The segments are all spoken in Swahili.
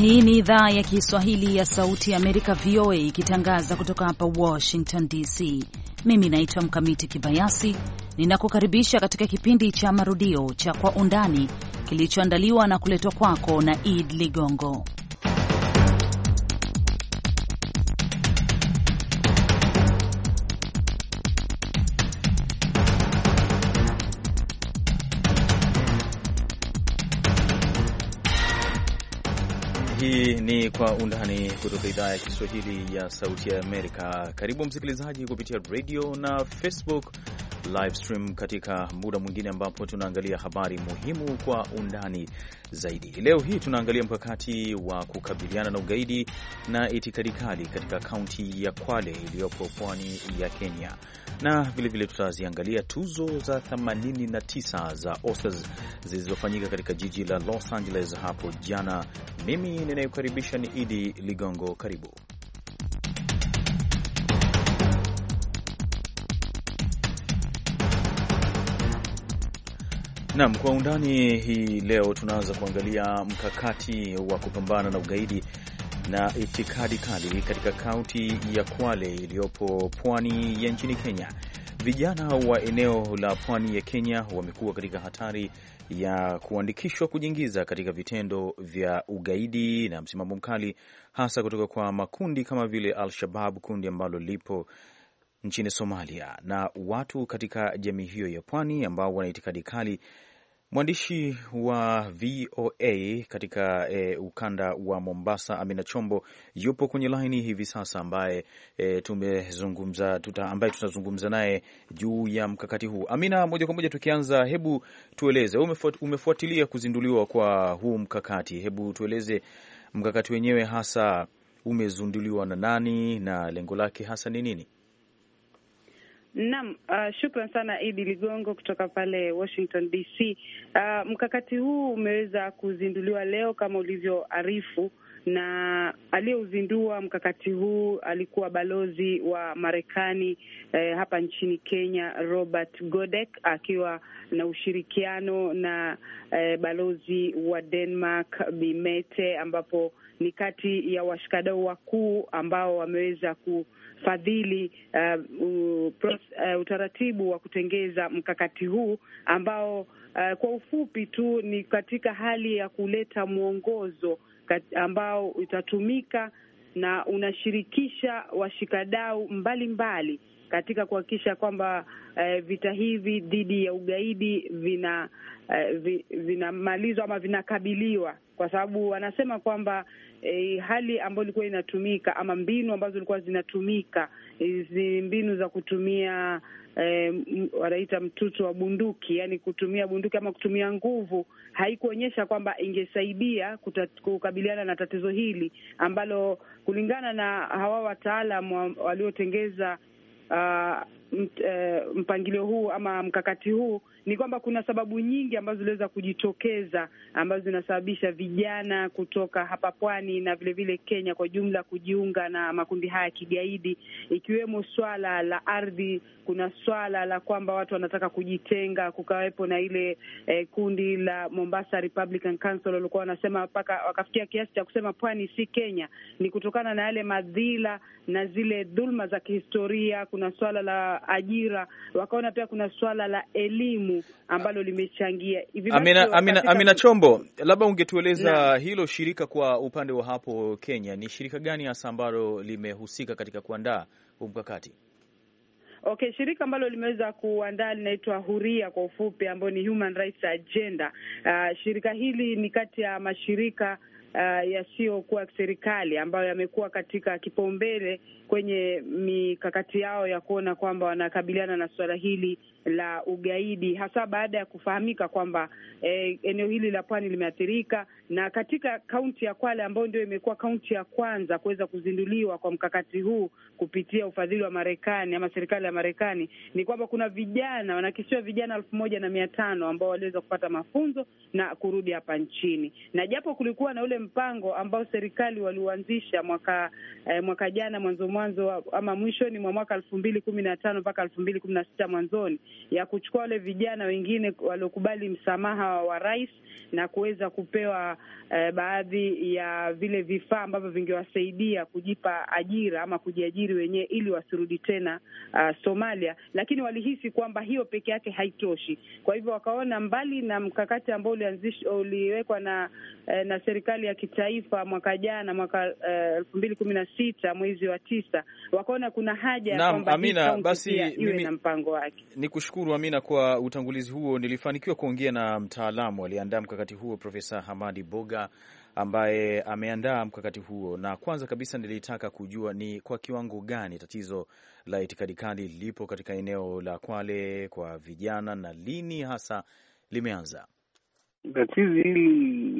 Hii ni idhaa ya Kiswahili ya Sauti ya Amerika, VOA, ikitangaza kutoka hapa Washington DC. Mimi naitwa Mkamiti Kibayasi, ninakukaribisha katika kipindi cha marudio cha Kwa Undani kilichoandaliwa na kuletwa kwako na Id Ligongo. Hii ni Kwa Undani kutoka idhaa ya Kiswahili ya Sauti ya Amerika. Karibu msikilizaji kupitia radio na Facebook live stream katika muda mwingine ambapo tunaangalia habari muhimu kwa undani zaidi. Leo hii tunaangalia mkakati wa kukabiliana na ugaidi na itikadi kali katika kaunti ya Kwale iliyopo pwani ya Kenya, na vilevile tutaziangalia tuzo za 89 za Oscars zilizofanyika katika jiji la Los Angeles hapo jana. Mimi ninayokaribisha ni Idi Ligongo, karibu Naam, kwa undani hii leo tunaanza kuangalia mkakati wa kupambana na ugaidi na itikadi kali katika kaunti ya Kwale iliyopo pwani ya nchini Kenya. Vijana wa eneo la pwani ya Kenya wamekuwa katika hatari ya kuandikishwa kujiingiza katika vitendo vya ugaidi na msimamo mkali, hasa kutoka kwa makundi kama vile Al-Shabab, kundi ambalo lipo nchini Somalia na watu katika jamii hiyo ya pwani ambao wana itikadi kali. Mwandishi wa VOA katika e, ukanda wa Mombasa, Amina Chombo yupo kwenye laini hivi sasa, ambaye e, tumezungumza tuta, ambaye tutazungumza naye juu ya mkakati huu. Amina, moja kwa moja tukianza, hebu tueleze, umefuatilia kuzinduliwa kwa huu mkakati, hebu tueleze mkakati wenyewe hasa umezinduliwa na nani na lengo lake hasa ni nini? Naam, uh, shukran sana Idi Ligongo kutoka pale Washington DC. Uh, mkakati huu umeweza kuzinduliwa leo kama ulivyoarifu, na aliyeuzindua mkakati huu alikuwa balozi wa Marekani eh, hapa nchini Kenya Robert Godek akiwa na ushirikiano na eh, balozi wa Denmark Bimete ambapo ni kati ya washikadau wakuu ambao wameweza kufadhili uh, uh, uh, utaratibu wa kutengeza mkakati huu ambao uh, kwa ufupi tu ni katika hali ya kuleta mwongozo ambao utatumika na unashirikisha washikadau mbalimbali katika kuhakikisha kwamba eh, vita hivi dhidi ya ugaidi vina eh, vinamalizwa ama vinakabiliwa kwa sababu wanasema kwamba e, hali ambayo ilikuwa inatumika ama mbinu ambazo zilikuwa zinatumika hizi mbinu za kutumia e, wanaita mtuto wa bunduki, yani kutumia bunduki ama kutumia nguvu, haikuonyesha kwamba ingesaidia kukabiliana na tatizo hili ambalo kulingana na hawa wataalam waliotengeza uh, Eh, mpangilio huu ama mkakati huu ni kwamba kuna sababu nyingi ambazo ziliweza kujitokeza ambazo zinasababisha vijana kutoka hapa pwani na vilevile vile Kenya kwa jumla kujiunga na makundi haya ya kigaidi, ikiwemo swala la ardhi. Kuna swala la kwamba watu wanataka kujitenga, kukawepo na ile eh, kundi la Mombasa Republican Council walikuwa wanasema mpaka wakafikia kiasi cha kusema pwani si Kenya. Ni kutokana na yale madhila na zile dhulma za kihistoria. Kuna swala la ajira, wakaona pia kuna suala la elimu ambalo limechangia. Amina, Amina, Amina Chombo, labda ungetueleza na hilo shirika kwa upande wa hapo Kenya ni shirika gani hasa ambalo limehusika katika kuandaa huu mkakati? Okay, shirika ambalo limeweza kuandaa linaitwa Huria kwa ufupi, ambayo ni Human Rights Agenda. Uh, shirika hili ni kati ya mashirika uh, yasiyokuwa serikali ambayo yamekuwa katika kipaumbele kwenye mikakati yao ya kuona kwamba wanakabiliana na suala hili la ugaidi, hasa baada ya kufahamika kwamba eh, eneo hili la pwani limeathirika, na katika kaunti ya Kwale ambayo ndio imekuwa kaunti ya kwanza kuweza kuzinduliwa kwa mkakati huu kupitia ufadhili wa Marekani ama serikali ya Marekani, ni kwamba kuna vijana wanakisiwa vijana elfu moja na mia tano ambao waliweza kupata mafunzo na kurudi hapa nchini, na japo kulikuwa na ule mpango ambao serikali waliuanzisha mwaka eh, mwaka jana mwanzo mwanzo ama mwishoni mwa mwaka elfu mbili kumi na tano mpaka elfu mbili kumi na sita mwanzoni ya kuchukua wale vijana wengine waliokubali msamaha wa rais na kuweza kupewa eh, baadhi ya vile vifaa ambavyo vingewasaidia kujipa ajira ama kujiajiri wenyewe ili wasirudi tena uh, Somalia, lakini walihisi kwamba hiyo peke yake haitoshi. Kwa hivyo wakaona mbali na mkakati ambao uliwekwa na eh, na serikali ya kitaifa mwaka jana, mwaka eh, elfu mbili kumi na sita mwezi wa tisa, wakaona kuna haja ya kwamba Amina basi iwe na mpango wake. Ni kushukuru Amina kwa utangulizi huo. Nilifanikiwa kuongea na mtaalamu aliyeandaa mkakati huo Profesa Hamadi Boga ambaye ameandaa mkakati huo, na kwanza kabisa nilitaka kujua ni kwa kiwango gani tatizo la itikadi kali lipo katika eneo la Kwale kwa vijana na lini hasa limeanza tatizi hili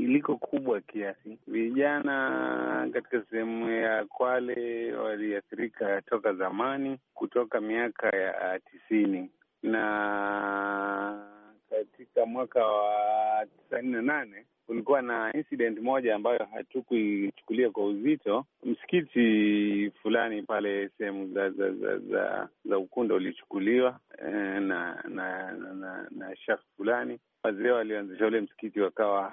liko kubwa kiasi. Vijana katika sehemu ya Kwale waliathirika toka zamani, kutoka miaka ya tisini na katika mwaka wa tisaini na nane kulikuwa na incident moja ambayo hatukuichukulia kwa uzito. Msikiti fulani pale sehemu za za za za, za Ukunda ulichukuliwa eh, na na na, na, na shakhs fulani wazee walioanzisha ule msikiti wakawa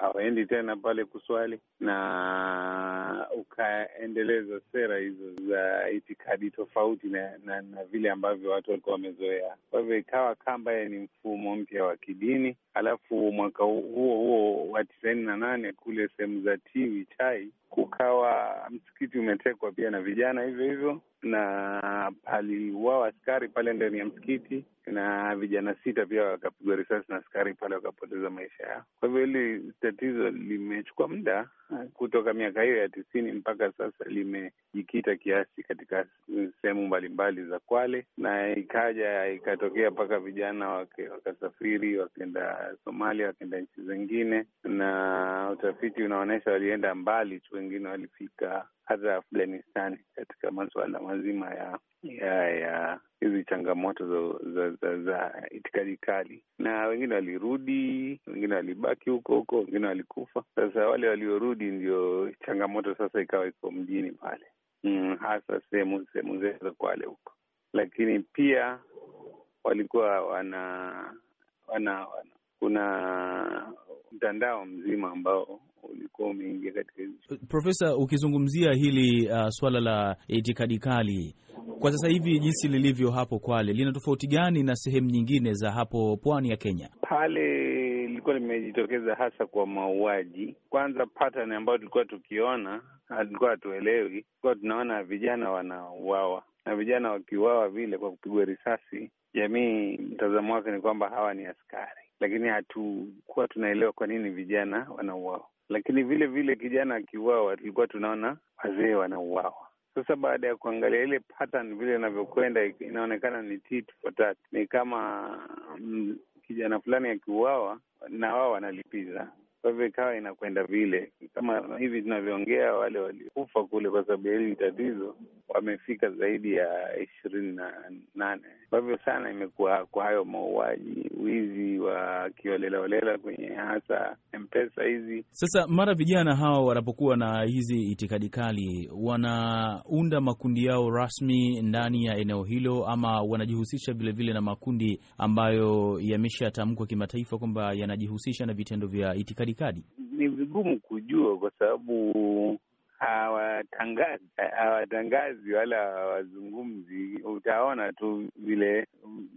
hawaendi hawa tena pale kuswali, na ukaendeleza sera hizo za itikadi tofauti na, na, na vile ambavyo watu walikuwa wamezoea. Kwa hivyo ikawa kamba ye ni mfumo mpya wa kidini. Alafu mwaka huo huo wa tisaini na nane kule sehemu za Tiwi Chai kukawa msikiti umetekwa pia na vijana hivyo hivyo, na aliuawa askari pale ndani ya msikiti na vijana sita pia wakapigwa risasi na askari pale wakapoteza maisha yao. Kwa hivyo hili tatizo limechukua muda eh, kutoka miaka hiyo ya tisini mpaka sasa, limejikita kiasi katika sehemu mbalimbali za Kwale na ikaja ikatokea mpaka vijana wakasafiri wake, wakaenda Somalia, wakaenda nchi zingine, na utafiti unaonyesha walienda mbali tu, wengine walifika hata Afghanistan katika masuala mazima ya ya ya hizi changamoto za, za, za, za itikadi kali, na wengine walirudi, wengine walibaki huko huko, wengine walikufa. Sasa wale waliorudi ndio changamoto sasa ikawa iko mjini pale, mm, hasa sehemu sehemu zetu za Kwale huko, lakini pia walikuwa wana wana, wana kuna mtandao mzima ambao ulikuwa umeingia katika nchi. Profesa, ukizungumzia hili uh, swala la itikadi kali kwa sasa hivi jinsi lilivyo hapo Kwale, lina tofauti gani na sehemu nyingine za hapo pwani ya Kenya? Pale lilikuwa limejitokeza hasa kwa mauaji. Kwanza pattern ambayo tulikuwa tukiona, tulikuwa hatuelewi, tulikuwa tunaona vijana wanauawa na vijana wakiuawa vile kwa kupigwa risasi, jamii mtazamo wake ni kwamba hawa ni askari, lakini hatukuwa tunaelewa kwa nini vijana wanauawa lakini vile vile kijana akiuawa, tulikuwa tunaona wazee wanauawa. Sasa baada ya kuangalia ile pattern vile inavyokwenda, inaonekana ni tii tupatatu, ni kama mm, kijana fulani akiuawa na wao wanalipiza kwa hivyo ikawa inakwenda vile kama hivi tunavyoongea, wale waliokufa kule kwa sababu ya hili tatizo wamefika zaidi ya ishirini na nane. Kwa hivyo sana imekuwa kwa hayo mauaji, wizi wa kiolelaolela kwenye hasa mpesa hizi. Sasa mara vijana hawa wanapokuwa na hizi itikadi kali, wanaunda makundi yao rasmi ndani ya eneo hilo, ama wanajihusisha vilevile na makundi ambayo yameshatamkwa kimataifa kwamba yanajihusisha na vitendo vya itikadi kali? Ni vigumu kujua kwa sababu hawatangazi wala hawazungumzi, utaona tu vile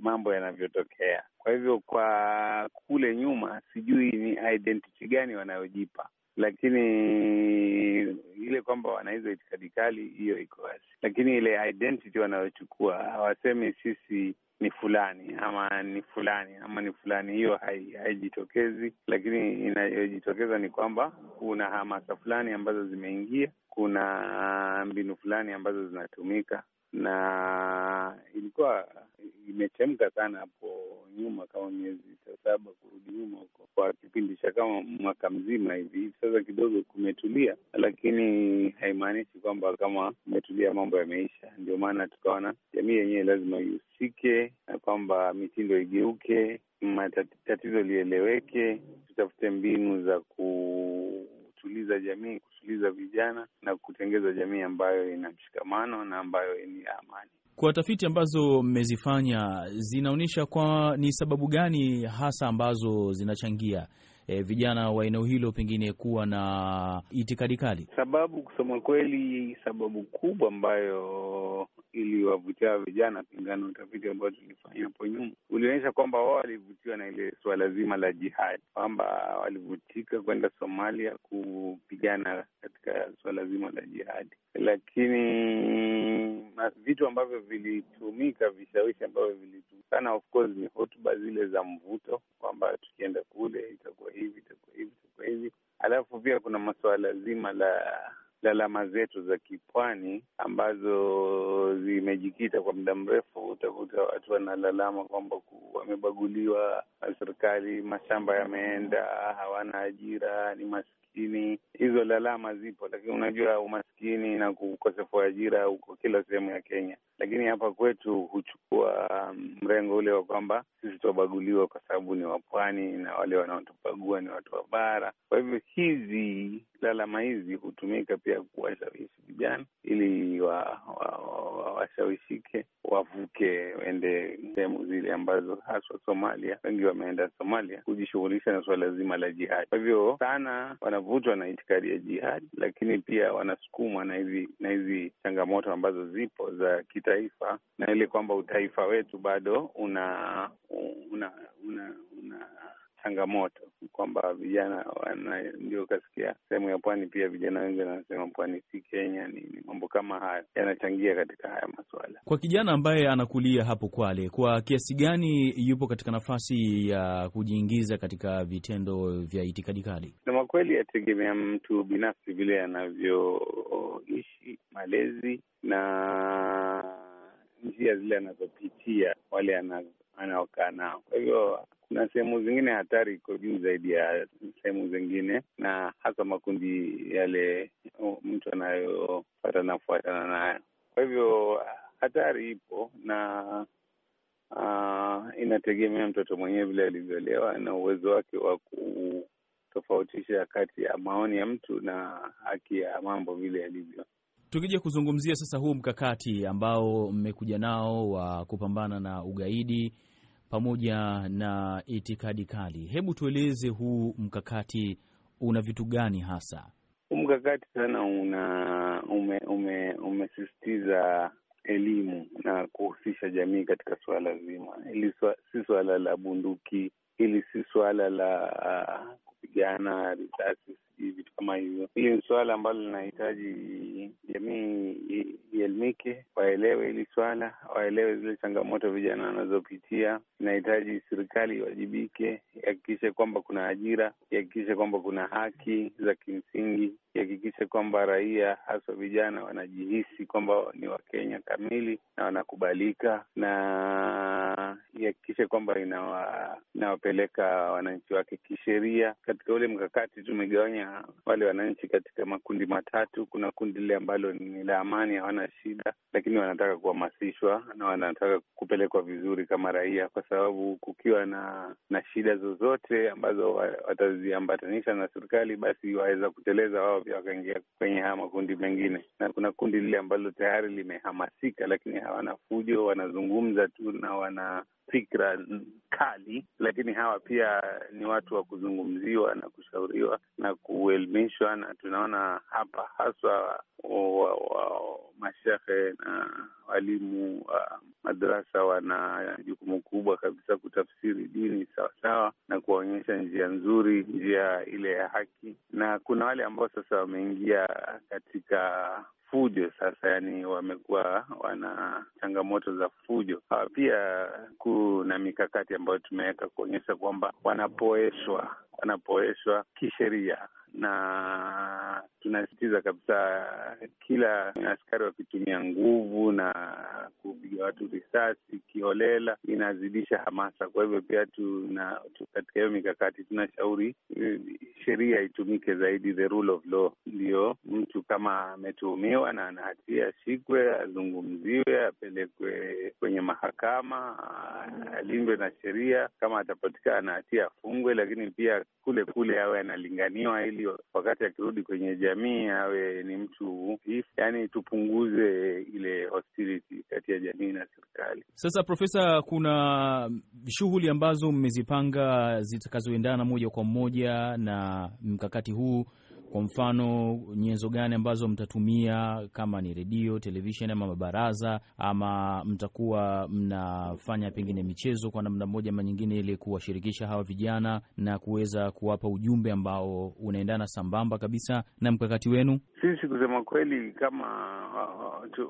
mambo yanavyotokea. Kwa hivyo, kwa kule nyuma, sijui ni identity gani wanayojipa, lakini ile kwamba wana hizo itikadi kali, hiyo iko wazi, lakini ile identity wanayochukua hawasemi sisi ni fulani ama ni fulani ama ni fulani, hiyo haijitokezi hai, lakini inayojitokeza ni kwamba kuna hamasa fulani ambazo zimeingia, kuna mbinu fulani ambazo zinatumika, na ilikuwa imechemka sana hapo nyuma kama miezi saba kurudi nyuma huko kwa kipindi cha kama mwaka mzima hivi. Sasa kidogo kumetulia, lakini haimaanishi kwamba kama kumetulia mambo yameisha. Ndio maana tukaona jamii yenyewe lazima ihusike na kwamba mitindo igeuke, tatizo lieleweke, tutafute mbinu za ku kutuliza jamii, kutuliza vijana na kutengeza jamii ambayo ina mshikamano na ambayo ni amani. Kwa tafiti ambazo mmezifanya zinaonyesha kwa ni sababu gani hasa ambazo zinachangia E, vijana wa eneo hilo pengine kuwa na itikadi kali. Sababu kusema kweli, sababu kubwa ambayo iliwavutia vijana pingana utafiti ambao tulifanya hapo nyuma ulionyesha kwamba wao walivutiwa na ile suala zima la jihadi, kwamba walivutika kwenda Somalia kupigana katika suala zima la jihadi, lakini vitu ambavyo vilitumika, vishawishi ambavyo vilitumikana, of course ni hotuba zile za mvuto kwamba tukienda kule itakuwa hivi, itakuwa hivi, itakuwa hivi. Alafu pia kuna masuala zima la lalama zetu za kipwani ambazo zimejikita kwa muda mrefu, utakuta watu wanalalama kwamba wamebaguliwa na serikali, mashamba yameenda, hawana ajira, ni mas umaskini. hizo lalama zipo, lakini unajua umaskini na kukosefu wa ajira huko kila sehemu ya Kenya, lakini hapa kwetu huchukua um, mrengo ule wa kwamba sisi tuwabaguliwa kwa sababu ni wapwani na wale wanaotubagua ni watu wa bara. Kwa hivyo hizi lalama hizi hutumika pia kuwashawishi vijana ili washawishike wa, wa, wa, wa wavuke waende sehemu zile ambazo haswa Somalia, wengi wameenda Somalia kujishughulisha na suala zima la jihadi. Kwa hivyo sana wanavutwa na itikadi ya jihadi, lakini pia wanasukumwa na hizi na hizi changamoto ambazo zipo za kitaifa na ile kwamba utaifa wetu bado una una una, una, una changamoto kwamba vijana ndio kasikia sehemu ya pwani, pia vijana wengi wanasema pwani si Kenya nini, mambo kama haya yanachangia katika haya maswala Kwa kijana ambaye anakulia hapo Kwale, kwa kiasi gani yupo katika nafasi ya kujiingiza katika vitendo vya itikadi kali? Kusema kweli, yategemea mtu binafsi vile anavyoishi, malezi na njia zile anazopitia wale anaokaa nao. Kwa hivyo kuna sehemu zingine hatari iko juu zaidi ya sehemu zingine, na hasa makundi yale mtu anayopata nafuatana nayo. Kwa hivyo hatari ipo na uh, inategemea mtoto mwenyewe vile alivyoelewa na uwezo wake wa kutofautisha kati ya maoni ya mtu na haki ya mambo vile yalivyo. Tukija kuzungumzia sasa huu mkakati ambao mmekuja nao wa kupambana na ugaidi pamoja na itikadi kali. Hebu tueleze huu mkakati una vitu gani hasa? Mkakati sana una umesisitiza ume, elimu na kuhusisha jamii katika suala zima hili. Si suala la bunduki hili, si suala la uh, kupigana risasi, vitu kama hivyo. Hili ni suala ambalo linahitaji jamii ielimike, waelewe hili swala, waelewe zile changamoto vijana wanazopitia. Inahitaji serikali iwajibike, ihakikishe kwamba kuna ajira, ihakikishe kwamba kuna haki za kimsingi, ihakikishe kwamba raia haswa vijana wanajihisi kwamba ni Wakenya kamili na wanakubalika na ihakikishe kwamba inawa, inawapeleka wananchi wake kisheria. Katika ule mkakati tumegawanya wale wananchi katika makundi matatu. Kuna kundi lile ambalo ni la amani, hawana shida, lakini wanataka kuhamasishwa na wanataka kupelekwa vizuri kama raia, kwa sababu kukiwa na na shida zozote ambazo wataziambatanisha na serikali, basi waweza kuteleza wao pia wakaingia kwenye haya makundi mengine. Na kuna kundi lile ambalo tayari limehamasika, lakini hawana fujo, wanazungumza tu na wana fikra kali, lakini hawa pia ni watu wa kuzungumziwa na kushauriwa na kuelimishwa, na tunaona hapa haswa mashehe na walimu wa madarasa wana jukumu kubwa kabisa kutafsiri dini sawasawa na kuwaonyesha njia nzuri, njia ile ya haki, na kuna wale ambao sasa wameingia katika fujo sasa, yani wamekuwa wana changamoto za fujo. Ah, pia kuna mikakati ambayo tumeweka kuonyesha kwamba wanapoeshwa anapoeshwa kisheria, na tunasisitiza kabisa kila askari wakitumia nguvu na kupiga watu risasi kiholela inazidisha hamasa. Kwa hivyo pia tuna katika hiyo mikakati tunashauri e, sheria itumike zaidi, the rule of law. Ndiyo, mtu kama ametuhumiwa na ana hatia ashikwe, azungumziwe, apelekwe kwenye mahakama, alindwe na sheria. Kama atapatikana na hatia afungwe, lakini pia kule kule awe analinganiwa, ili wakati akirudi kwenye jamii awe ni mtu Yani tupunguze ile hostility kati ya jamii na serikali. Sasa Profesa, kuna shughuli ambazo mmezipanga zitakazoendana moja kwa moja na mkakati huu kwa mfano nyenzo gani ambazo mtatumia, kama ni redio, televisheni ama mabaraza, ama mtakuwa mnafanya pengine michezo kwa namna moja ama nyingine, ili kuwashirikisha hawa vijana na kuweza kuwapa ujumbe ambao unaendana sambamba kabisa na mkakati wenu? Sisi kusema kweli, kama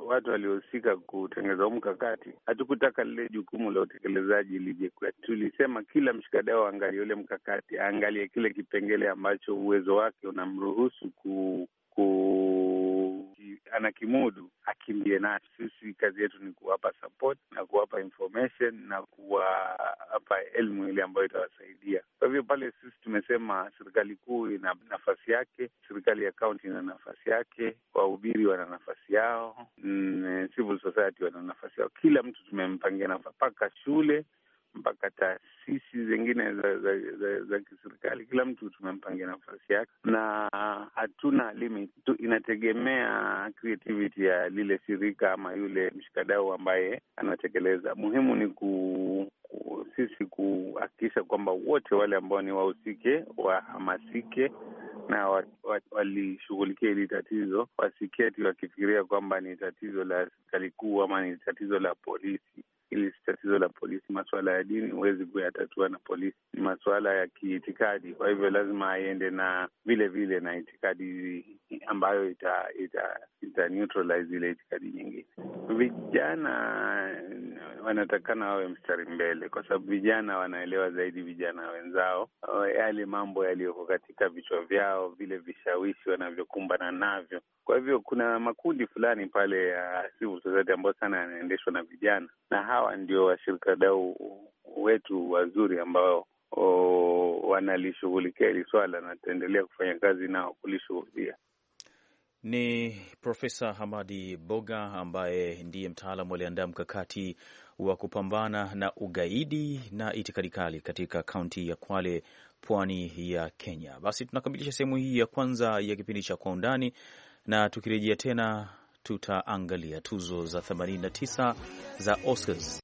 watu waliohusika kutengeza huu mkakati, hatukutaka lile jukumu la utekelezaji lije Tulisema kila mshikadau aangalie ule mkakati, aangalie kile kipengele ambacho uwezo wake unamru kumruhusu ku, ku kimudu akimbie nacho. Sisi kazi yetu ni kuwapa support na kuwapa information na kuwapa elimu ile ambayo itawasaidia. Kwa hivyo pale sisi tumesema serikali kuu ina nafasi yake, serikali ya kaunti ina nafasi yake, wahubiri wana nafasi yao, mm, civil society wana nafasi yao. Kila mtu tumempangia nafasi, mpaka shule mpaka taasisi zingine za za, za, za kiserikali. Kila mtu tumempangia nafasi yake na hatuna limit tu, inategemea creativity ya lile shirika ama yule mshikadau ambaye anatekeleza. Muhimu ni ku sisi kuhakikisha kwamba wote wale ambao ni wahusike wahamasike na walishughulikia hili tatizo, wasiketi wakifikiria kwamba ni tatizo la serikali kuu ama ni tatizo la polisi. Hili si tatizo la polisi. Masuala ya dini huwezi kuyatatua na polisi, ni masuala ya kiitikadi. Kwa hivyo lazima aende na vile vile na itikadi ambayo ita, ita, ita neutralize ile itikadi nyingine. Vijana wanatakana wawe mstari mbele, kwa sababu vijana wanaelewa zaidi vijana wenzao yale mambo yaliyoko katika vichwa vyao, vile vishawishi wanavyokumbana navyo. Kwa hivyo kuna makundi fulani pale ya civil society ambayo sana yanaendeshwa na vijana na hawa ndio washirika dau wetu wazuri ambao wanalishughulikia hili swala na tutaendelea kufanya kazi nao kulishughulikia. Ni Profesa Hamadi Boga ambaye ndiye mtaalamu aliandaa mkakati wa kupambana na ugaidi na itikadi kali katika kaunti ya Kwale, pwani ya Kenya. Basi tunakamilisha sehemu hii ya kwanza ya kipindi cha Kwa Undani, na tukirejea tena tutaangalia tuzo za 89 za Oscars.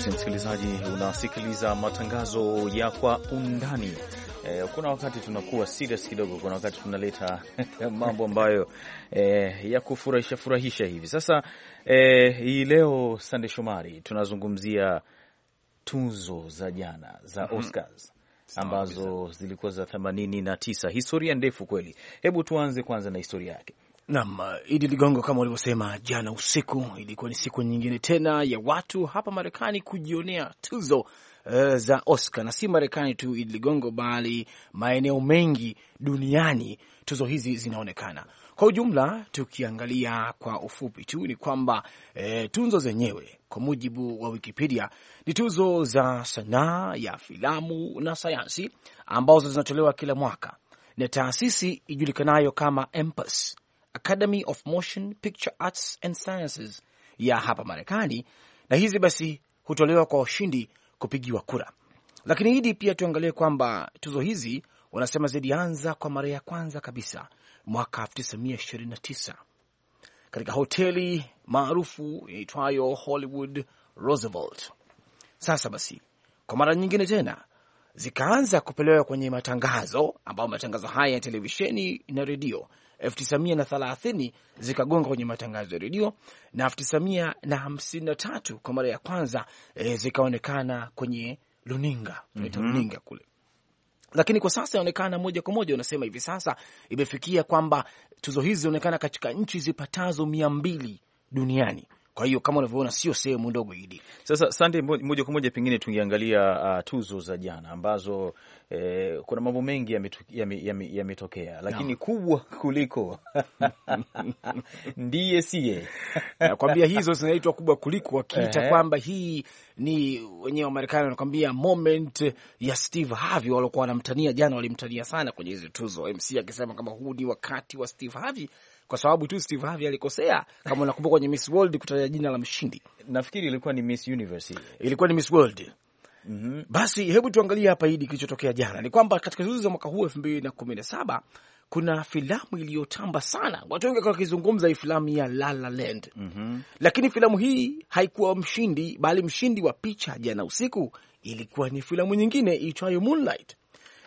basi msikilizaji, unasikiliza matangazo ya kwa undani. E, kuna wakati tunakuwa serious kidogo, kuna wakati tunaleta mambo ambayo e, ya kufurahisha furahisha hivi sasa. Eh, hii leo Sande Shomari, tunazungumzia tuzo za jana za mhm. Oscars ambazo zilikuwa za themanini na tisa. Historia ndefu kweli. Hebu tuanze kwanza na historia yake. Naam, Idi Ligongo, kama ulivyosema jana usiku, ilikuwa ni siku nyingine tena ya watu hapa Marekani kujionea tuzo uh, za Oscar na si Marekani tu, Idi Ligongo, bali maeneo mengi duniani tuzo hizi zinaonekana kwa ujumla. Tukiangalia kwa ufupi tu ni kwamba e, eh, tunzo zenyewe kwa mujibu wa Wikipedia ni tuzo za sanaa ya filamu na sayansi ambazo zinatolewa kila mwaka na taasisi ijulikanayo kama EMPAS Academy of Motion Picture Arts and Sciences ya hapa Marekani, na hizi basi hutolewa kwa washindi kupigiwa kura. Lakini hidi pia tuangalie kwamba tuzo hizi wanasema zilianza kwa mara ya kwanza kabisa mwaka 1929 katika hoteli maarufu yaitwayo Hollywood Roosevelt. Sasa basi kwa mara nyingine tena zikaanza kupelewa kwenye matangazo ambayo matangazo haya ya televisheni na redio 1930 zikagonga kwenye matangazo ya redio na 1953 kwa mara ya kwanza e, zikaonekana kwenye luninga, mm -hmm. luninga kule lakini kwa sasa inaonekana moja kwa moja, unasema hivi sasa imefikia kwamba tuzo hizi zinaonekana katika nchi zipatazo mia mbili duniani kwa hiyo kama unavyoona sio sehemu ndogo hidi. Sasa sande, moja kwa moja pengine tungeangalia uh, tuzo za jana ambazo eh, kuna mambo mengi yametokea ya ya lakini no. kubwa kuliko ndiye sie nakwambia hizo zinaitwa kubwa kuliko, wakiita kwamba hii ni wenyewe wa Marekani wanakwambia moment ya Steve Harvey waliokuwa wanamtania jana, walimtania sana kwenye hizi tuzo, MC akisema kama huu ni wakati wa Steve Harvey kwa sababu tu Steve Harvey alikosea, kama unakumbuka kwenye Miss World kutaja jina la mshindi. Nafikiri ilikuwa ni Miss Universe, ilikuwa ni Miss World. Mm -hmm. Basi hebu tuangalie hapa hidi kilichotokea jana ni kwamba katika tuzo za mwaka huu elfu mbili na kumi na saba kuna filamu iliyotamba sana, watu wengi wakizungumza hii filamu ya La La Land. mm -hmm. Lakini filamu hii haikuwa mshindi, bali mshindi wa picha jana usiku ilikuwa ni filamu nyingine iitwayo Moonlight.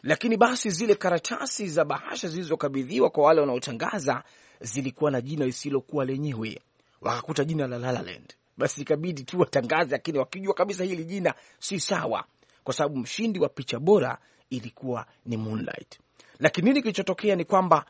Lakini basi zile karatasi za bahasha zilizokabidhiwa kwa wale wanaotangaza zilikuwa na jina lisilokuwa lenyewe, wakakuta jina la Lalaland, basi ikabidi tu watangaze, lakini wakijua kabisa hili jina si sawa, kwa sababu mshindi wa picha bora ilikuwa ni Moonlight. Lakini nini kilichotokea ni kwamba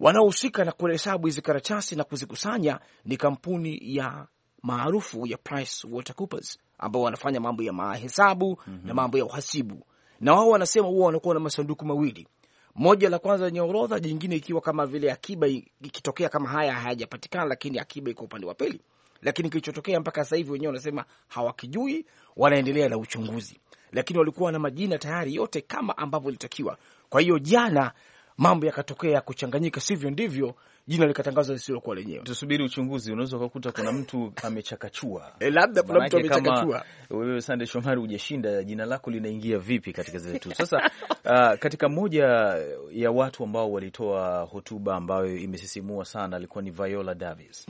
wanaohusika na kuhesabu hizi karatasi na kuzikusanya ni kampuni ya maarufu ya PricewaterhouseCoopers ambao wanafanya mambo ya mahesabu mm -hmm. na mhm. mambo ya uhasibu, na wao wanasema huwa wanakuwa na masanduku mawili, moja la kwanza lenye orodha, jingine ikiwa kama vile akiba, ikitokea kama haya hayajapatikana, lakini akiba iko upande wa pili. Lakini kilichotokea mpaka sasa hivi wenyewe wanasema hawakijui, wanaendelea na uchunguzi, lakini walikuwa na majina tayari yote kama ambavyo ilitakiwa. Kwa hiyo jana mambo yakatokea kuchanganyika, sivyo ndivyo jina likatangazwa lisilokuwa lenyewe. Tusubiri uchunguzi, unaweza ukakuta kuna mtu amechakachua e, labda kuna mtu amechakachua. Wewe Sande Shomari hujashinda, jina lako linaingia vipi katika zetu sasa? Uh, katika moja ya watu ambao walitoa hotuba ambayo imesisimua sana alikuwa ni Viola Davis,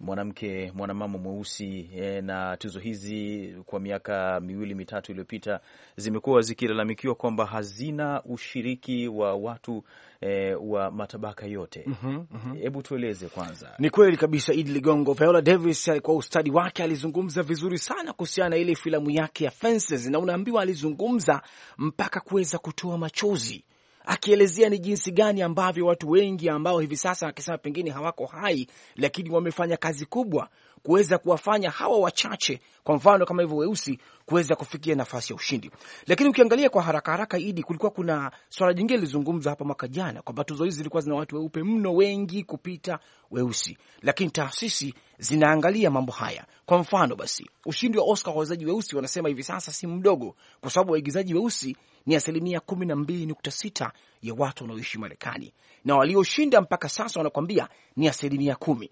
mwanamke mwanamama mweusi eh, na tuzo hizi kwa miaka miwili mitatu iliyopita zimekuwa zikilalamikiwa kwamba hazina ushiriki wa watu e, wa matabaka yote. Mhm, mhm. Hebu mm -hmm, mm -hmm. Tueleze kwanza. Ni kweli kabisa Idi Ligongo, Viola Davis eh, kwa ustadi wake alizungumza vizuri sana kuhusiana na ile filamu yake ya Fences, na unaambiwa alizungumza mpaka kuweza kutoa machozi akielezea ni jinsi gani ambavyo watu wengi ambao hivi sasa akisema pengine hawako hai, lakini wamefanya kazi kubwa kuweza kuwafanya hawa wachache, kwa mfano kama hivyo weusi, kuweza kufikia nafasi ya ushindi. Lakini ukiangalia kwa haraka haraka, Idi, kulikuwa kuna swala jingine lilizungumzwa hapa mwaka jana kwamba tuzo hizi zilikuwa zina watu weupe mno wengi kupita weusi, lakini taasisi zinaangalia mambo haya. Kwa mfano basi, ushindi wa Oscar kwa waigizaji weusi wanasema hivi sasa si mdogo, kwa sababu waigizaji weusi ni asilimia kumi na mbili nukta sita ya watu wanaoishi Marekani na walioshinda mpaka sasa wanakwambia ni asilimia kumi.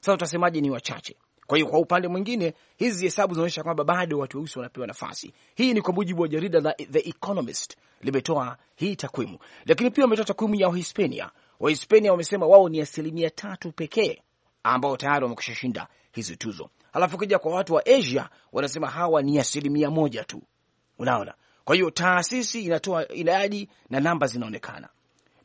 Sasa utasemaje? Ni wachache. Kwa hiyo kwa upande mwingine hizi hesabu zinaonyesha kwamba bado watu weusi wanapewa nafasi. Hii ni kwa mujibu wa jarida la The Economist limetoa hii takwimu, lakini pia wametoa takwimu ya Wahispania. Wahispania wamesema wao ni asilimia tatu pekee ambao tayari wamekusha shinda hizi tuzo, alafu kija kwa watu wa Asia wanasema hawa ni asilimia moja tu. Unaona, kwa hiyo taasisi inatoa idadi na namba zinaonekana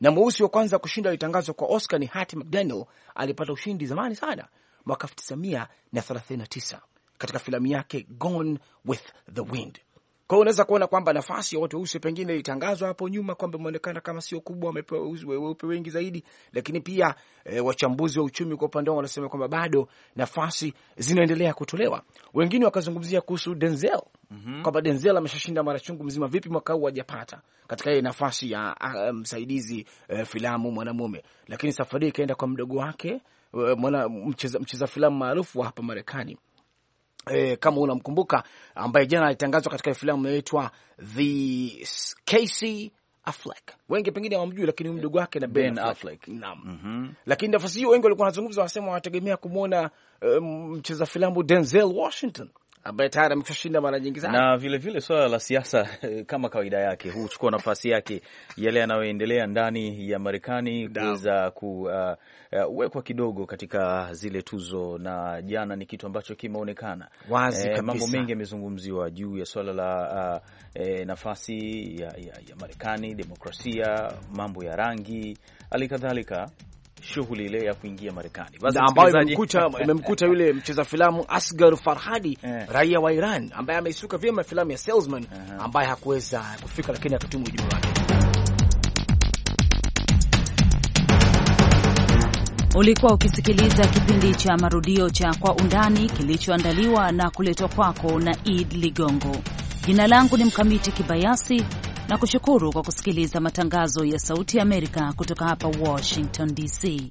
na mweusi wa kwanza kushinda alitangazwa kwa Oscar ni Hattie McDaniel, alipata ushindi zamani sana mwaka 1939 katika filamu yake Gone with the Wind. Kwa hiyo unaweza kuona kwamba nafasi ya watu weusi pengine ilitangazwa hapo nyuma kwamba imeonekana kama sio kubwa, wamepewa weupe wengi zaidi, lakini pia e, wachambuzi wa uchumi kwa upande wao wanasema kwamba bado nafasi zinaendelea kutolewa. Wengine wakazungumzia kuhusu Denzel mm -hmm. kwamba Denzel ameshashinda mara chungu mzima, vipi mwaka huu hajapata katika ile nafasi ya ah, msaidizi um, uh, filamu mwanamume, lakini safari ikaenda kwa mdogo wake Eh, mwana mcheza, mcheza filamu maarufu wa hapa Marekani e, kama unamkumbuka ambaye jana alitangazwa katika filamu inaitwa The Casey Affleck. Wengi pengine hawamjui lakini mdogo wake na Ben Affleck. Naam. Mm -hmm. Lakini nafasi hiyo wengi walikuwa wanazungumza wanasema wanategemea kumwona eh, mcheza um, filamu Denzel Washington ambaye tayari amekushashinda mara nyingi sana, na vilevile swala la siasa eh, kama kawaida yake huchukua nafasi yake yale yanayoendelea ndani ya Marekani kuweza kuwekwa uh, uh kidogo katika zile tuzo, na jana ni kitu ambacho kimeonekana wazi eh, mambo mengi yamezungumziwa juu ya swala la uh, eh, nafasi ya, ya, ya Marekani, demokrasia, mambo ya rangi, hali kadhalika shughuli ile ya kuingia Marekani ambayo imemkuta yule mcheza filamu Asgar Farhadi yeah. raia wa Iran ambaye ameisuka vyema filamu ya Salesman uh-huh, ambaye hakuweza kufika lakini akatuma ujumbe wake. Ulikuwa ukisikiliza kipindi cha marudio cha Kwa Undani kilichoandaliwa na kuletwa kwako na Id Ligongo. Jina langu ni Mkamiti Kibayasi na kushukuru kwa kusikiliza matangazo ya Sauti ya Amerika kutoka hapa Washington DC.